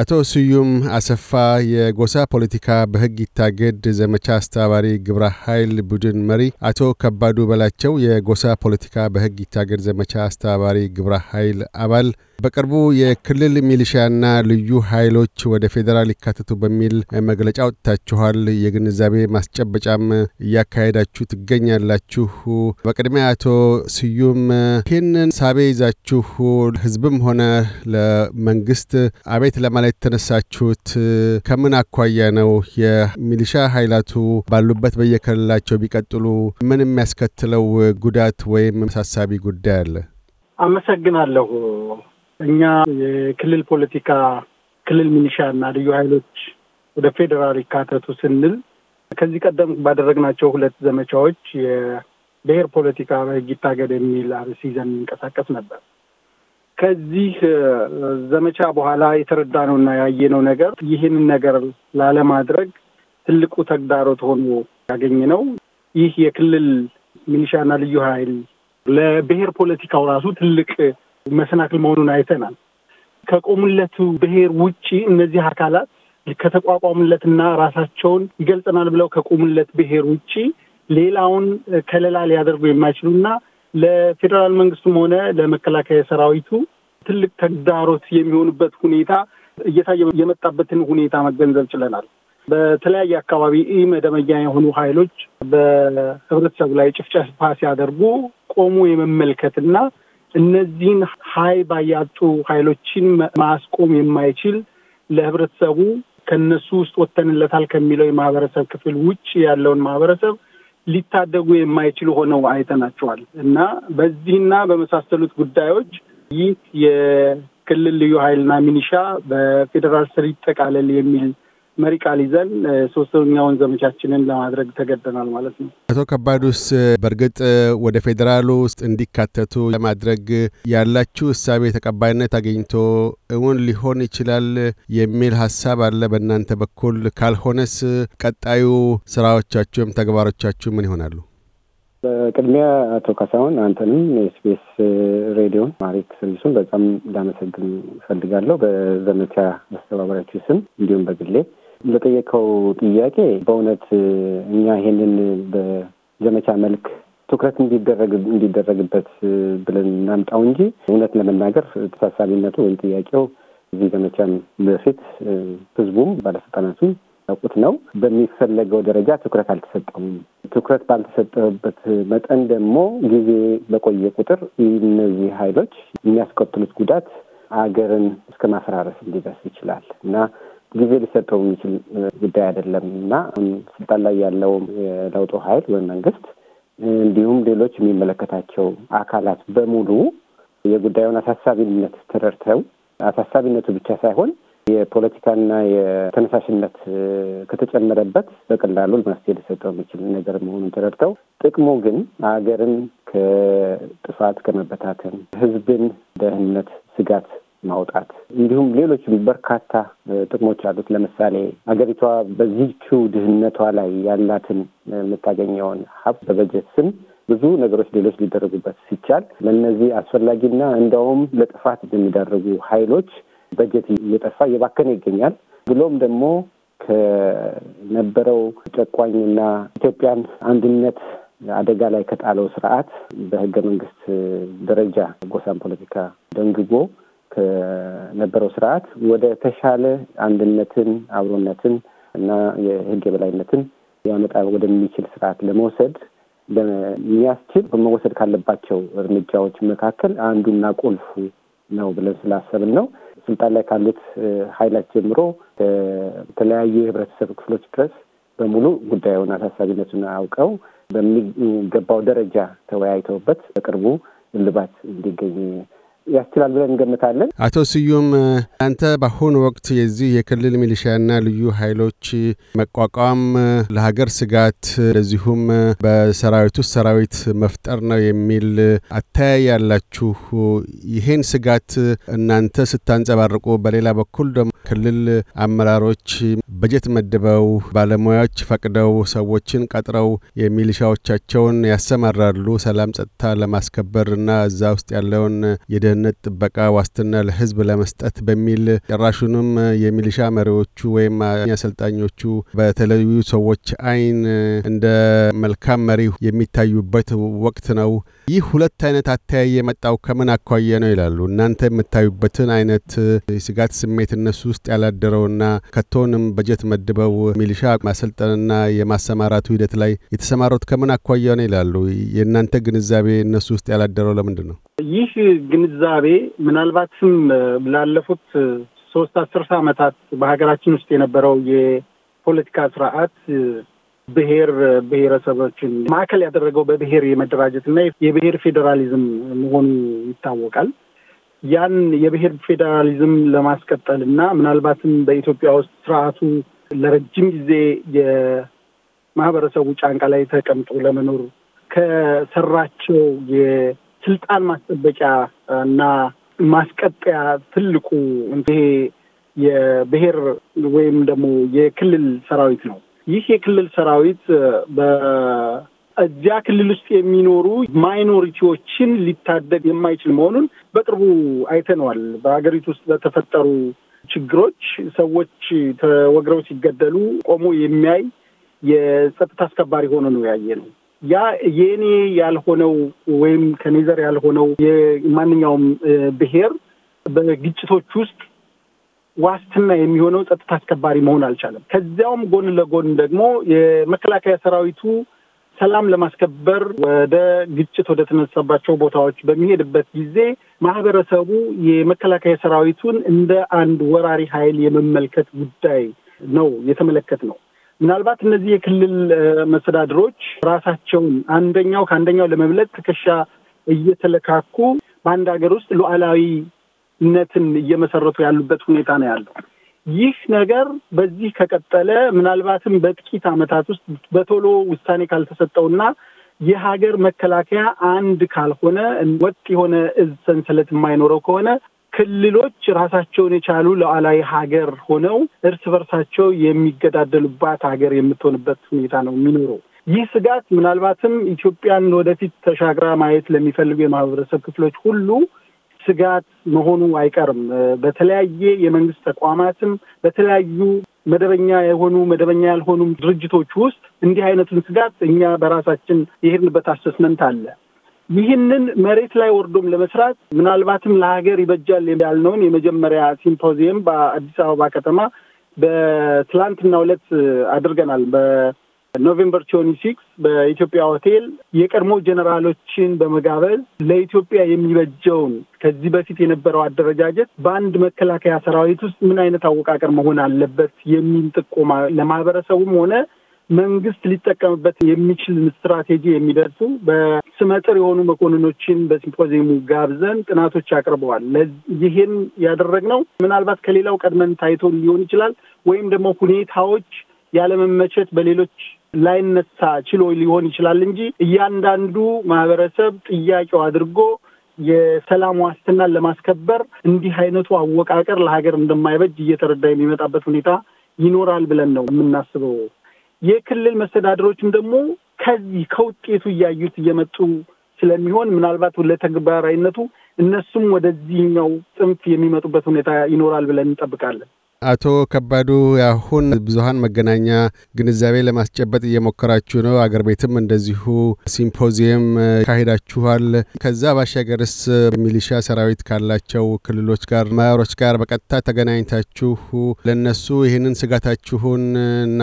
አቶ ስዩም አሰፋ የጎሳ ፖለቲካ በሕግ ይታገድ ዘመቻ አስተባባሪ ግብረ ኃይል ቡድን መሪ፣ አቶ ከባዱ በላቸው የጎሳ ፖለቲካ በሕግ ይታገድ ዘመቻ አስተባባሪ ግብረ ኃይል አባል በቅርቡ የክልል ሚሊሺያና ልዩ ኃይሎች ወደ ፌዴራል ይካተቱ በሚል መግለጫ ወጥታችኋል። የግንዛቤ ማስጨበጫም እያካሄዳችሁ ትገኛላችሁ። በቅድሚያ አቶ ስዩም ይህንን ሳቤ ይዛችሁ ህዝብም ሆነ ለመንግስት አቤት ለማለት የተነሳችሁት ከምን አኳያ ነው? የሚሊሻ ኃይላቱ ባሉበት በየክልላቸው ቢቀጥሉ ምን የሚያስከትለው ጉዳት ወይም አሳሳቢ ጉዳይ አለ? አመሰግናለሁ። እኛ የክልል ፖለቲካ ክልል ሚኒሻ እና ልዩ ኃይሎች ወደ ፌዴራል ይካተቱ ስንል ከዚህ ቀደም ባደረግናቸው ሁለት ዘመቻዎች የብሔር ፖለቲካ በሕግ ይታገድ የሚል አርዕስት ይዘን እንንቀሳቀስ ነበር። ከዚህ ዘመቻ በኋላ የተረዳነውና ያየነው ነገር ይህንን ነገር ላለማድረግ ትልቁ ተግዳሮት ሆኖ ነው። ይህ የክልል ሚሊሻና ልዩ ኃይል ለብሔር ፖለቲካው ራሱ ትልቅ መሰናክል መሆኑን አይተናል። ከቆሙለቱ ብሔር ውጪ እነዚህ አካላት ከተቋቋሙለትና ራሳቸውን ይገልጸናል ብለው ከቆሙለት ብሔር ውጪ ሌላውን ከለላ ሊያደርጉ የማይችሉና ለፌዴራል መንግስቱም ሆነ ለመከላከያ ሰራዊቱ ትልቅ ተግዳሮት የሚሆኑበት ሁኔታ እየታየ የመጣበትን ሁኔታ መገንዘብ ችለናል። በተለያየ አካባቢ ኢ መደበኛ የሆኑ ኃይሎች በህብረተሰቡ ላይ ጭፍጨፋ ሲያደርጉ ቆሙ የመመልከትና እነዚህን ሀይ ባያጡ ሀይሎችን ማስቆም የማይችል ለህብረተሰቡ ከነሱ ውስጥ ወተንለታል ከሚለው የማህበረሰብ ክፍል ውጭ ያለውን ማህበረሰብ ሊታደጉ የማይችሉ ሆነው አይተናቸዋል እና በዚህና በመሳሰሉት ጉዳዮች ይህ የክልል ልዩ ሀይልና ሚኒሻ በፌዴራል ስር ይጠቃለል የሚል መሪ ቃል ይዘን ሶስተኛውን ዘመቻችንን ለማድረግ ተገደናል ማለት ነው። አቶ ከባዱስ በእርግጥ ወደ ፌዴራሉ ውስጥ እንዲካተቱ ለማድረግ ያላችሁ እሳቤ ተቀባይነት አግኝቶ እውን ሊሆን ይችላል የሚል ሀሳብ አለ በእናንተ በኩል? ካልሆነስ ቀጣዩ ስራዎቻችሁ ወይም ተግባሮቻችሁ ምን ይሆናሉ? በቅድሚያ አቶ ካሳሁን አንተንም የስፔስ ሬዲዮን ማሪክ ሰርቪሱን በጣም ላመሰግን እፈልጋለሁ በዘመቻ አስተባባሪያችሁ ስም እንዲሁም በግሌ ለጠየቀው ጥያቄ በእውነት እኛ ይሄንን በዘመቻ መልክ ትኩረት እንዲደረግ እንዲደረግበት ብለን እናምጣው እንጂ እውነት ለመናገር ተሳሳቢነቱ ወይም ጥያቄው እዚህ ዘመቻም በፊት ህዝቡም ባለስልጣናቱም ያውቁት ነው። በሚፈለገው ደረጃ ትኩረት አልተሰጠውም። ትኩረት ባልተሰጠበት መጠን ደግሞ ጊዜ በቆየ ቁጥር እነዚህ ኃይሎች የሚያስከትሉት ጉዳት አገርን እስከ ማፈራረስ እንዲደርስ ይችላል እና ጊዜ ሊሰጠው የሚችል ጉዳይ አይደለም እና ስልጣን ላይ ያለው የለውጡ ኃይል ወይም መንግስት እንዲሁም ሌሎች የሚመለከታቸው አካላት በሙሉ የጉዳዩን አሳሳቢነት ተረድተው አሳሳቢነቱ ብቻ ሳይሆን የፖለቲካና የተነሳሽነት ከተጨመረበት በቀላሉ መፍትሄ ሊሰጠው የሚችል ነገር መሆኑን ተረድተው ጥቅሙ ግን ሀገርን ከጥፋት ከመበታተን፣ ህዝብን ደህንነት ስጋት ማውጣት እንዲሁም ሌሎችም በርካታ ጥቅሞች አሉት። ለምሳሌ ሀገሪቷ በዚቹ ድህነቷ ላይ ያላትን የምታገኘውን ሀብት በበጀት ስም ብዙ ነገሮች ሌሎች ሊደረጉበት ሲቻል ለእነዚህ አስፈላጊና እንደውም ለጥፋት የሚደረጉ ኃይሎች በጀት እየጠፋ እየባከነ ይገኛል። ብሎም ደግሞ ከነበረው ጨቋኝና ኢትዮጵያን አንድነት አደጋ ላይ ከጣለው ስርዓት በህገ መንግስት ደረጃ ጎሳን ፖለቲካ ደንግጎ ከነበረው ስርዓት ወደ ተሻለ አንድነትን፣ አብሮነትን እና የህግ የበላይነትን ያመጣ ወደሚችል ስርዓት ለመውሰድ በሚያስችል መወሰድ ካለባቸው እርምጃዎች መካከል አንዱና ቁልፉ ነው ብለን ስላሰብን ነው። ስልጣን ላይ ካሉት ኃይላት ጀምሮ ከተለያዩ የህብረተሰብ ክፍሎች ድረስ በሙሉ ጉዳዩን አሳሳቢነቱን አውቀው በሚገባው ደረጃ ተወያይተውበት በቅርቡ እልባት እንዲገኝ ያስችላል ብለን እንገምታለን። አቶ ስዩም አንተ በአሁኑ ወቅት የዚህ የክልል ሚሊሻና ልዩ ኃይሎች መቋቋም ለሀገር ስጋት እንደዚሁም በሰራዊት ውስጥ ሰራዊት መፍጠር ነው የሚል አተያይ ያላችሁ፣ ይሄን ስጋት እናንተ ስታንጸባርቁ፣ በሌላ በኩል ደግሞ ክልል አመራሮች በጀት መድበው ባለሙያዎች ፈቅደው ሰዎችን ቀጥረው የሚሊሻዎቻቸውን ያሰማራሉ ሰላም ጸጥታ ለማስከበር እና እዛ ውስጥ ያለውን የደ የደህንነት ጥበቃ ዋስትና ለህዝብ ለመስጠት በሚል ጭራሹንም የሚሊሻ መሪዎቹ ወይም አሰልጣኞቹ በተለዩ ሰዎች አይን እንደ መልካም መሪ የሚታዩበት ወቅት ነው። ይህ ሁለት አይነት አተያየ የመጣው ከምን አኳየ ነው ይላሉ። እናንተ የምታዩበትን አይነት የስጋት ስሜት እነሱ ውስጥ ያላደረውና ከቶንም በጀት መድበው ሚሊሻ ማሰልጠንና የማሰማራቱ ሂደት ላይ የተሰማሩት ከምን አኳየ ነው ይላሉ። የእናንተ ግንዛቤ እነሱ ውስጥ ያላደረው ለምንድን ነው? ይህ ግንዛቤ ምናልባትም ላለፉት ሶስት አስርት ዓመታት በሀገራችን ውስጥ የነበረው የፖለቲካ ስርዓት ብሔር ብሔረሰቦችን ማዕከል ያደረገው በብሔር የመደራጀት እና የብሔር ፌዴራሊዝም መሆኑ ይታወቃል። ያን የብሔር ፌዴራሊዝም ለማስቀጠል እና ምናልባትም በኢትዮጵያ ውስጥ ስርዓቱ ለረጅም ጊዜ የማህበረሰቡ ጫንቃ ላይ ተቀምጦ ለመኖር ከሰራቸው የስልጣን ማስጠበቂያ እና ማስቀጠያ ትልቁ ይሄ የብሔር ወይም ደግሞ የክልል ሰራዊት ነው። ይህ የክልል ሰራዊት በእዚያ ክልል ውስጥ የሚኖሩ ማይኖሪቲዎችን ሊታደግ የማይችል መሆኑን በቅርቡ አይተነዋል። በሀገሪቱ ውስጥ በተፈጠሩ ችግሮች ሰዎች ተወግረው ሲገደሉ ቆሞ የሚያይ የጸጥታ አስከባሪ ሆኖ ነው ያየ ነው። ያ የእኔ ያልሆነው ወይም ከኔዘር ያልሆነው የማንኛውም ብሔር በግጭቶች ውስጥ ዋስትና የሚሆነው ጸጥታ አስከባሪ መሆን አልቻለም። ከዚያውም ጎን ለጎን ደግሞ የመከላከያ ሰራዊቱ ሰላም ለማስከበር ወደ ግጭት ወደ ተነሳባቸው ቦታዎች በሚሄድበት ጊዜ ማህበረሰቡ የመከላከያ ሰራዊቱን እንደ አንድ ወራሪ ኃይል የመመልከት ጉዳይ ነው የተመለከት ነው። ምናልባት እነዚህ የክልል መስተዳድሮች ራሳቸውን አንደኛው ከአንደኛው ለመብለጥ ትከሻ እየተለካኩ በአንድ ሀገር ውስጥ ሉዓላዊ ነትን እየመሰረቱ ያሉበት ሁኔታ ነው ያለው። ይህ ነገር በዚህ ከቀጠለ ምናልባትም በጥቂት ዓመታት ውስጥ በቶሎ ውሳኔ ካልተሰጠውና የሀገር መከላከያ አንድ ካልሆነ ወጥ የሆነ እዝ ሰንሰለት የማይኖረው ከሆነ ክልሎች ራሳቸውን የቻሉ ሉዓላዊ ሀገር ሆነው እርስ በርሳቸው የሚገዳደሉባት ሀገር የምትሆንበት ሁኔታ ነው የሚኖረው። ይህ ስጋት ምናልባትም ኢትዮጵያን ወደፊት ተሻግራ ማየት ለሚፈልጉ የማህበረሰብ ክፍሎች ሁሉ ስጋት መሆኑ አይቀርም። በተለያየ የመንግስት ተቋማትም በተለያዩ መደበኛ የሆኑ መደበኛ ያልሆኑም ድርጅቶች ውስጥ እንዲህ አይነቱን ስጋት እኛ በራሳችን የሄድንበት አሰስመንት አለ። ይህንን መሬት ላይ ወርዶም ለመስራት ምናልባትም ለሀገር ይበጃል ያልነውን የመጀመሪያ ሲምፖዚየም በአዲስ አበባ ከተማ በትላንትና ዕለት አድርገናል። ኖቬምበር ቲዮኒ ሲክስ በኢትዮጵያ ሆቴል የቀድሞ ጀኔራሎችን በመጋበዝ ለኢትዮጵያ የሚበጀውን ከዚህ በፊት የነበረው አደረጃጀት በአንድ መከላከያ ሰራዊት ውስጥ ምን አይነት አወቃቀር መሆን አለበት የሚል ጥቆማ ለማህበረሰቡም ሆነ መንግስት ሊጠቀምበት የሚችል ስትራቴጂ የሚደርሱ በስመጥር የሆኑ መኮንኖችን በሲምፖዚየሙ ጋብዘን ጥናቶች አቅርበዋል። ይህን ያደረግነው ምናልባት ከሌላው ቀድመን ታይቶ ሊሆን ይችላል ወይም ደግሞ ሁኔታዎች ያለመመቸት በሌሎች ላይነሳ ችሎ ሊሆን ይችላል እንጂ እያንዳንዱ ማህበረሰብ ጥያቄው አድርጎ የሰላም ዋስትናን ለማስከበር እንዲህ አይነቱ አወቃቀር ለሀገር እንደማይበጅ እየተረዳ የሚመጣበት ሁኔታ ይኖራል ብለን ነው የምናስበው። የክልል መስተዳደሮችም ደግሞ ከዚህ ከውጤቱ እያዩት እየመጡ ስለሚሆን ምናልባት ለተግባራዊነቱ እነሱም ወደዚህኛው ጽንፍ የሚመጡበት ሁኔታ ይኖራል ብለን እንጠብቃለን። አቶ ከባዱ አሁን ብዙሀን መገናኛ ግንዛቤ ለማስጨበጥ እየሞከራችሁ ነው። አገር ቤትም እንደዚሁ ሲምፖዚየም ካሄዳችኋል። ከዛ ባሻገርስ ሚሊሻ ሰራዊት ካላቸው ክልሎች ጋር ማያሮች ጋር በቀጥታ ተገናኝታችሁ ለነሱ ይህንን ስጋታችሁን እና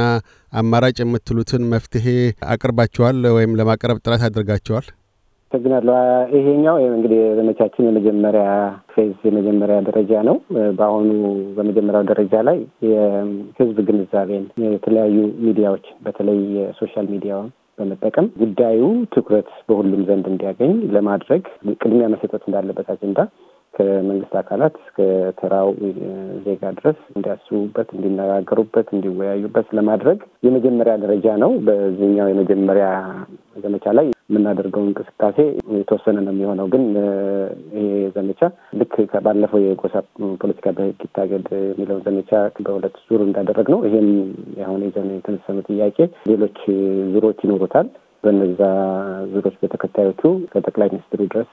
አማራጭ የምትሉትን መፍትሄ አቅርባችኋል ወይም ለማቅረብ ጥረት አድርጋችኋል? አመሰግናለሁ። ይሄኛው እንግዲህ ዘመቻችን የመጀመሪያ ፌዝ የመጀመሪያ ደረጃ ነው። በአሁኑ በመጀመሪያው ደረጃ ላይ የህዝብ ግንዛቤን የተለያዩ ሚዲያዎች በተለይ የሶሻል ሚዲያውን በመጠቀም ጉዳዩ ትኩረት በሁሉም ዘንድ እንዲያገኝ ለማድረግ ቅድሚያ መሰጠት እንዳለበት አጀንዳ ከመንግስት አካላት እስከ ተራው ዜጋ ድረስ እንዲያስቡበት፣ እንዲነጋገሩበት፣ እንዲወያዩበት ለማድረግ የመጀመሪያ ደረጃ ነው። በዚህኛው የመጀመሪያ ዘመቻ ላይ የምናደርገው እንቅስቃሴ የተወሰነ ነው የሚሆነው። ግን ይሄ ዘመቻ ልክ ባለፈው የጎሳ ፖለቲካ በህግ ይታገድ የሚለውን ዘመቻ በሁለት ዙር እንዳደረግ ነው ይሄም አሁን የዘን የተነሰኑ ጥያቄ ሌሎች ዙሮች ይኖሩታል። በነዛ ዙሮች በተከታዮቹ ከጠቅላይ ሚኒስትሩ ድረስ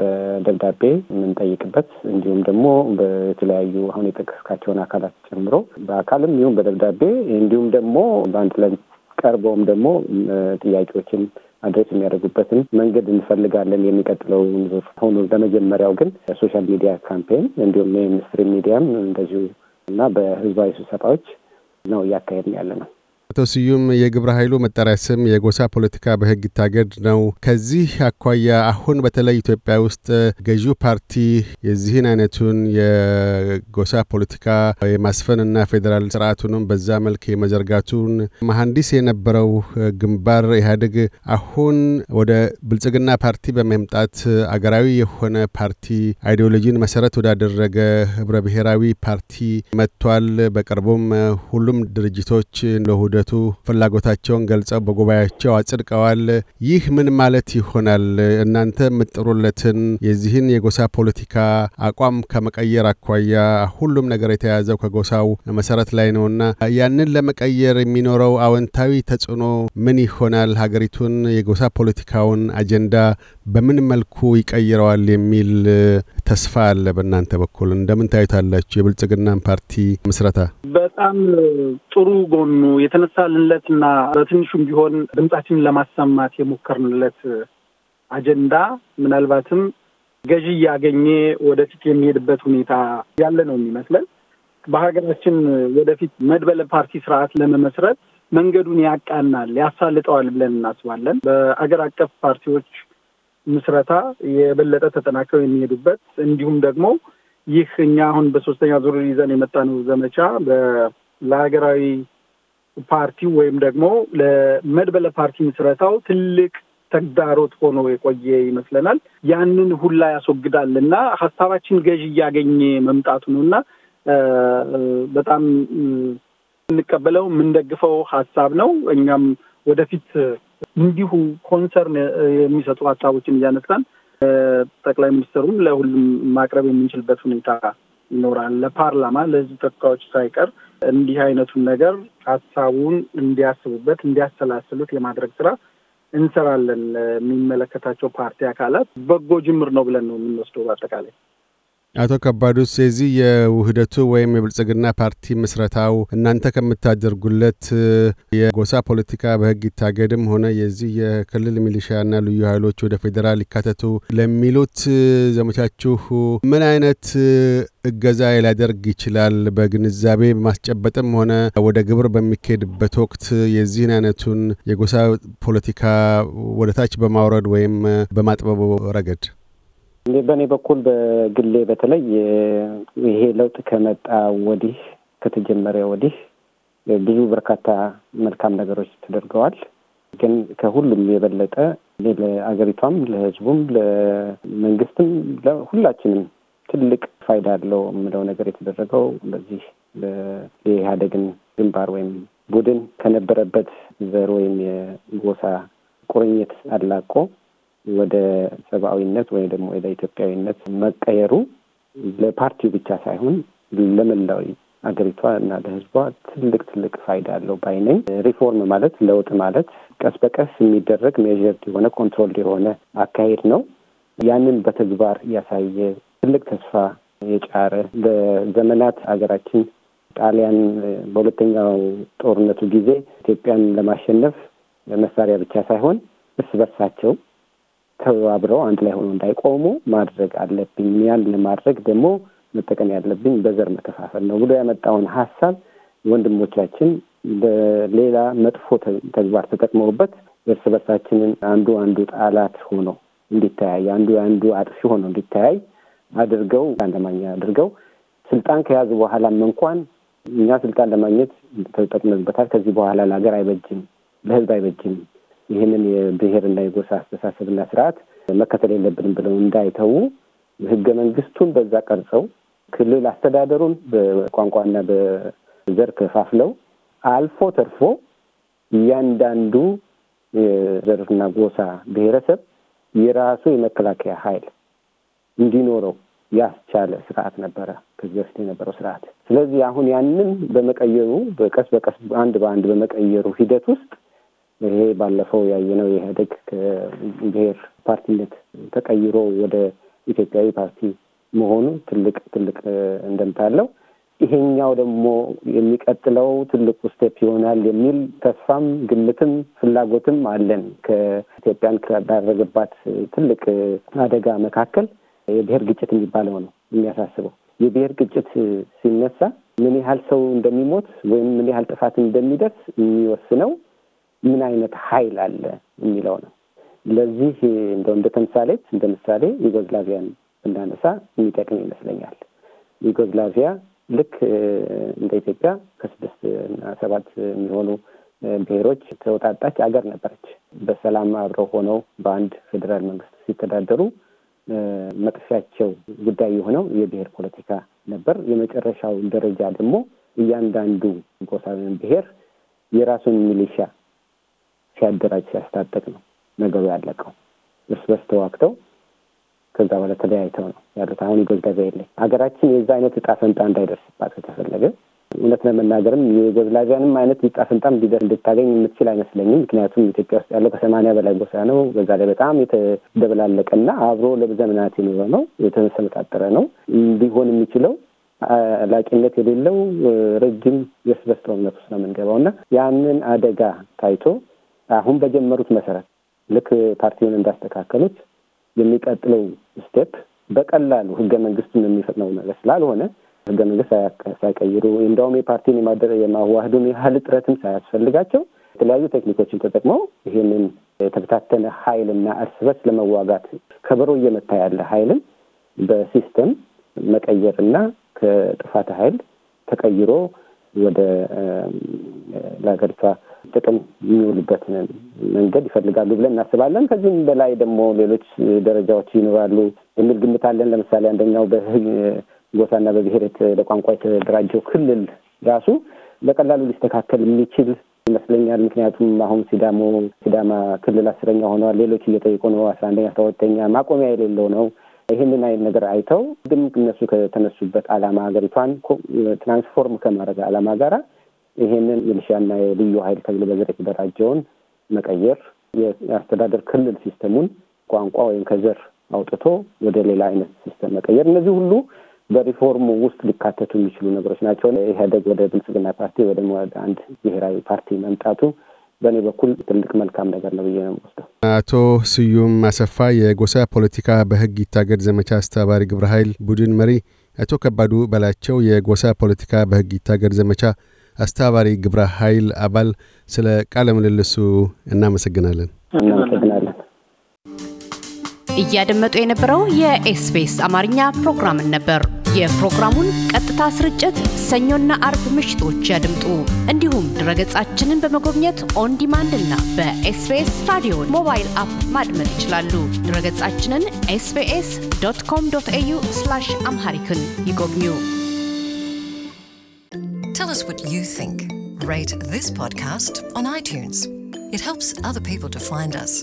በደብዳቤ የምንጠይቅበት እንዲሁም ደግሞ በተለያዩ አሁን የጠቀስካቸውን አካላት ጨምሮ በአካልም ይሁን በደብዳቤ እንዲሁም ደግሞ በአንድ ላይ ቀርበውም ደግሞ ጥያቄዎችን አድረስ የሚያደርጉበትን መንገድ እንፈልጋለን። የሚቀጥለው ሆኖ ለመጀመሪያው ግን ሶሻል ሚዲያ ካምፔን እንዲሁም ሚኒስትሪ ሚዲያም እንደዚሁ እና በህዝባዊ ስብሰባዎች ነው እያካሄድን ያለ ነው። አቶ ስዩም የግብረ ኃይሉ መጠሪያ ስም የጎሳ ፖለቲካ በህግ ይታገድ ነው። ከዚህ አኳያ አሁን በተለይ ኢትዮጵያ ውስጥ ገዢው ፓርቲ የዚህን አይነቱን የጎሳ ፖለቲካ የማስፈንና ፌዴራል ስርዓቱንም በዛ መልክ የመዘርጋቱን መሐንዲስ የነበረው ግንባር ኢህአዴግ አሁን ወደ ብልጽግና ፓርቲ በመምጣት አገራዊ የሆነ ፓርቲ አይዲዮሎጂን መሰረት ወዳደረገ ህብረ ብሔራዊ ፓርቲ መጥቷል። በቅርቡም ሁሉም ድርጅቶች ለሁደ እንዲመለከቱ ፍላጎታቸውን ገልጸው በጉባኤያቸው አጽድቀዋል። ይህ ምን ማለት ይሆናል? እናንተ የምትጥሩለትን የዚህን የጎሳ ፖለቲካ አቋም ከመቀየር አኳያ ሁሉም ነገር የተያዘው ከጎሳው መሰረት ላይ ነውና ያንን ለመቀየር የሚኖረው አዎንታዊ ተጽዕኖ ምን ይሆናል? ሀገሪቱን የጎሳ ፖለቲካውን አጀንዳ በምን መልኩ ይቀይረዋል የሚል ተስፋ አለ? በእናንተ በኩል እንደምን ታዩታላችሁ? የብልጽግናን ፓርቲ ምስረታ በጣም ጥሩ ጎኑ የተነሳልንለት በትንሹም ቢሆን ድምጻችን ለማሰማት የሞከርንለት አጀንዳ ምናልባትም ገዢ እያገኘ ወደፊት የሚሄድበት ሁኔታ ያለ ነው የሚመስለን። በሀገራችን ወደፊት መድበለ ፓርቲ ስርዓት ለመመስረት መንገዱን ያቃናል፣ ያሳልጠዋል ብለን እናስባለን። በአገር አቀፍ ፓርቲዎች ምስረታ የበለጠ ተጠናክረው የሚሄዱበት እንዲሁም ደግሞ ይህ እኛ አሁን በሶስተኛ ዙር ይዘን የመጣነው ዘመቻ ለሀገራዊ ፓርቲው ወይም ደግሞ ለመድበለ ፓርቲ ምስረታው ትልቅ ተግዳሮት ሆኖ የቆየ ይመስለናል። ያንን ሁላ ያስወግዳል እና ሀሳባችን ገዥ እያገኘ መምጣቱ ነው እና በጣም የምንቀበለው የምንደግፈው ሀሳብ ነው። እኛም ወደፊት እንዲሁ ኮንሰርን የሚሰጡ ሀሳቦችን እያነሳን ጠቅላይ ሚኒስትሩን ለሁሉም ማቅረብ የምንችልበት ሁኔታ ይኖራል። ለፓርላማ ለህዝብ ተወካዮች ሳይቀር እንዲህ አይነቱን ነገር ሀሳቡን እንዲያስቡበት እንዲያሰላስሉት የማድረግ ስራ እንሰራለን። የሚመለከታቸው ፓርቲ አካላት በጎ ጅምር ነው ብለን ነው የምንወስደው በአጠቃላይ አቶ ከባዱስ የዚህ የውህደቱ ወይም የብልጽግና ፓርቲ ምስረታው እናንተ ከምታደርጉለት የጎሳ ፖለቲካ በህግ ይታገድም ሆነ የዚህ የክልል ሚሊሻና ልዩ ኃይሎች ወደ ፌዴራል ይካተቱ ለሚሉት ዘመቻችሁ ምን አይነት እገዛ ሊያደርግ ይችላል? በግንዛቤ በማስጨበጥም ሆነ ወደ ግብር በሚካሄድበት ወቅት የዚህን አይነቱን የጎሳ ፖለቲካ ወደታች በማውረድ ወይም በማጥበቡ ረገድ በእኔ በኩል በግሌ በተለይ ይሄ ለውጥ ከመጣ ወዲህ ከተጀመረ ወዲህ ብዙ በርካታ መልካም ነገሮች ተደርገዋል። ግን ከሁሉም የበለጠ ለአገሪቷም፣ ለሕዝቡም፣ ለመንግስትም፣ ለሁላችንም ትልቅ ፋይዳ አለው የምለው ነገር የተደረገው በዚህ የኢህአደግን ግንባር ወይም ቡድን ከነበረበት ዘር ወይም የጎሳ ቁርኝት አላቆ ወደ ሰብአዊነት ወይም ደግሞ ወደ ኢትዮጵያዊነት መቀየሩ ለፓርቲው ብቻ ሳይሆን ለመላው አገሪቷ እና ለህዝቧ ትልቅ ትልቅ ፋይዳ አለው ባይነኝ። ሪፎርም ማለት ለውጥ ማለት ቀስ በቀስ የሚደረግ ሜዥርድ የሆነ ኮንትሮል የሆነ አካሄድ ነው። ያንን በተግባር ያሳየ ትልቅ ተስፋ የጫረ ለዘመናት ሀገራችን ጣሊያን በሁለተኛው ጦርነቱ ጊዜ ኢትዮጵያን ለማሸነፍ መሳሪያ ብቻ ሳይሆን እርስ በርሳቸው ተባብረው አንድ ላይ ሆኖ እንዳይቆሙ ማድረግ አለብኝ። ያን ለማድረግ ደግሞ መጠቀም ያለብኝ በዘር መከፋፈል ነው ብሎ ያመጣውን ሀሳብ ወንድሞቻችን በሌላ መጥፎ ተግባር ተጠቅመውበት እርስ በርሳችንን አንዱ አንዱ ጠላት ሆኖ እንዲተያይ፣ አንዱ አንዱ አጥፊ ሆኖ እንዲተያይ አድርገው አንደማኛ አድርገው ስልጣን ከያዙ በኋላም እንኳን እኛ ስልጣን ለማግኘት ተጠቅመንበታል፣ ከዚህ በኋላ ለሀገር አይበጅም፣ ለህዝብ አይበጅም ይህንን የብሔርና የጎሳ አስተሳሰብና ስርዓት መከተል የለብንም ብለው እንዳይተዉ ህገ መንግስቱን በዛ ቀርጸው ክልል አስተዳደሩን በቋንቋና በዘር ከፋፍለው አልፎ ተርፎ እያንዳንዱ የዘርና ጎሳ ብሔረሰብ የራሱ የመከላከያ ኃይል እንዲኖረው ያስቻለ ስርዓት ነበረ ከዚህ በፊት የነበረው ስርዓት። ስለዚህ አሁን ያንን በመቀየሩ በቀስ በቀስ አንድ በአንድ በመቀየሩ ሂደት ውስጥ ይሄ ባለፈው ያየነው የኢህአዴግ ከብሔር ፓርቲነት ተቀይሮ ወደ ኢትዮጵያዊ ፓርቲ መሆኑ ትልቅ ትልቅ እንደምታ አለው። ይሄኛው ደግሞ የሚቀጥለው ትልቁ ስቴፕ ይሆናል የሚል ተስፋም ግምትም ፍላጎትም አለን። ከኢትዮጵያን ባደረገባት ትልቅ አደጋ መካከል የብሔር ግጭት የሚባለው ነው የሚያሳስበው። የብሔር ግጭት ሲነሳ ምን ያህል ሰው እንደሚሞት ወይም ምን ያህል ጥፋት እንደሚደርስ የሚወስነው ምን አይነት ኃይል አለ የሚለው ነው። ለዚህ እንደ እንደ ተምሳሌት እንደ ምሳሌ ዩጎዝላቪያን ብናነሳ የሚጠቅም ይመስለኛል። ዩጎዝላቪያ ልክ እንደ ኢትዮጵያ ከስድስት እና ሰባት የሚሆኑ ብሔሮች ተወጣጣች አገር ነበረች። በሰላም አብረው ሆነው በአንድ ፌዴራል መንግስት ሲተዳደሩ መጥፊያቸው ጉዳይ የሆነው የብሔር ፖለቲካ ነበር። የመጨረሻው ደረጃ ደግሞ እያንዳንዱ ጎሳ ብሔር የራሱን ሚሊሻ ሲያደራጅ ሲያስታጠቅ ነው ነገሩ ያለቀው። እርስ በርስ ተዋግተው ከዛ በኋላ ተለያይተው ነው ያሉት። አሁን ዩጎዝላቪያ የለኝ ሀገራችን የዛ አይነት እጣ ፈንታ እንዳይደርስባት ከተፈለገ እውነት ለመናገርም የዩጎዝላቪያንም አይነት እጣ ሊደር እንድታገኝ የምትችል አይመስለኝም። ምክንያቱም ኢትዮጵያ ውስጥ ያለው ከሰማንያ በላይ ጎሳ ነው። በዛ ላይ በጣም የተደበላለቀና አብሮ ለዘመናት የኖረ ነው፣ የተሰመጣጠረ ነው። ሊሆን የሚችለው ላቂነት የሌለው ረጅም የስበስ ውስጥ ነው የምንገባው እና ያንን አደጋ ታይቶ አሁን በጀመሩት መሰረት ልክ ፓርቲውን እንዳስተካከሉት የሚቀጥለው ስቴፕ በቀላሉ ህገ መንግስቱን የሚፈጥነው ነገር ስላልሆነ ህገ መንግስት ሳይቀይሩ እንደውም የፓርቲን የማደረ የማዋህዱን ያህል ጥረትም ሳያስፈልጋቸው የተለያዩ ቴክኒኮችን ተጠቅመው ይህንን የተበታተነ ሀይልና እርስ በርስ ለመዋጋት ከበሮ እየመታ ያለ ሀይልን በሲስተም መቀየርና ከጥፋት ሀይል ተቀይሮ ወደ ለሀገሪቷ ጥቅም የሚውልበትን መንገድ ይፈልጋሉ ብለን እናስባለን። ከዚህም በላይ ደግሞ ሌሎች ደረጃዎች ይኖራሉ የሚል ግምት አለን። ለምሳሌ አንደኛው በጎሳና በብሔር ለቋንቋ የተደራጀው ክልል ራሱ በቀላሉ ሊስተካከል የሚችል ይመስለኛል። ምክንያቱም አሁን ሲዳሞ ሲዳማ ክልል አስረኛ ሆነዋል። ሌሎች እየጠየቁ ነው። አስራ አንደኛ አስራ ሁለተኛ ማቆሚያ የሌለው ነው። ይህንን አይነት ነገር አይተው ድም እነሱ ከተነሱበት ዓላማ ሀገሪቷን ትራንስፎርም ከማድረግ ዓላማ ጋራ ይሄንን የሚሊሻና የልዩ ኃይል ተብሎ በዘር የተደራጀውን መቀየር፣ የአስተዳደር ክልል ሲስተሙን ቋንቋ ወይም ከዘር አውጥቶ ወደ ሌላ አይነት ሲስተም መቀየር፣ እነዚህ ሁሉ በሪፎርሙ ውስጥ ሊካተቱ የሚችሉ ነገሮች ናቸው። ኢህአዴግ ወደ ብልጽግና ፓርቲ ወደ ወደ አንድ ብሔራዊ ፓርቲ መምጣቱ በእኔ በኩል ትልቅ መልካም ነገር ነው ብዬ ነው ወስደው። አቶ ስዩም አሰፋ የጎሳ ፖለቲካ በህግ ይታገድ ዘመቻ አስተባባሪ ግብረ ኃይል ቡድን መሪ፣ አቶ ከባዱ በላቸው የጎሳ ፖለቲካ በህግ ይታገድ ዘመቻ አስተባባሪ ግብረ ኃይል አባል፣ ስለ ቃለ ምልልሱ እናመሰግናለን። እያደመጡ የነበረው የኤስቢኤስ አማርኛ ፕሮግራምን ነበር። የፕሮግራሙን ቀጥታ ስርጭት ሰኞና አርብ ምሽቶች ያድምጡ። እንዲሁም ድረገጻችንን በመጎብኘት ኦን ዲማንድ እና በኤስቢኤስ ራዲዮ ሞባይል አፕ ማድመጥ ይችላሉ። ድረገጻችንን ኤስቢኤስ ዶት ኮም ዶት ኤዩ አምሃሪክን ይጎብኙ። Tell us what you think. Rate this podcast on iTunes. It helps other people to find us.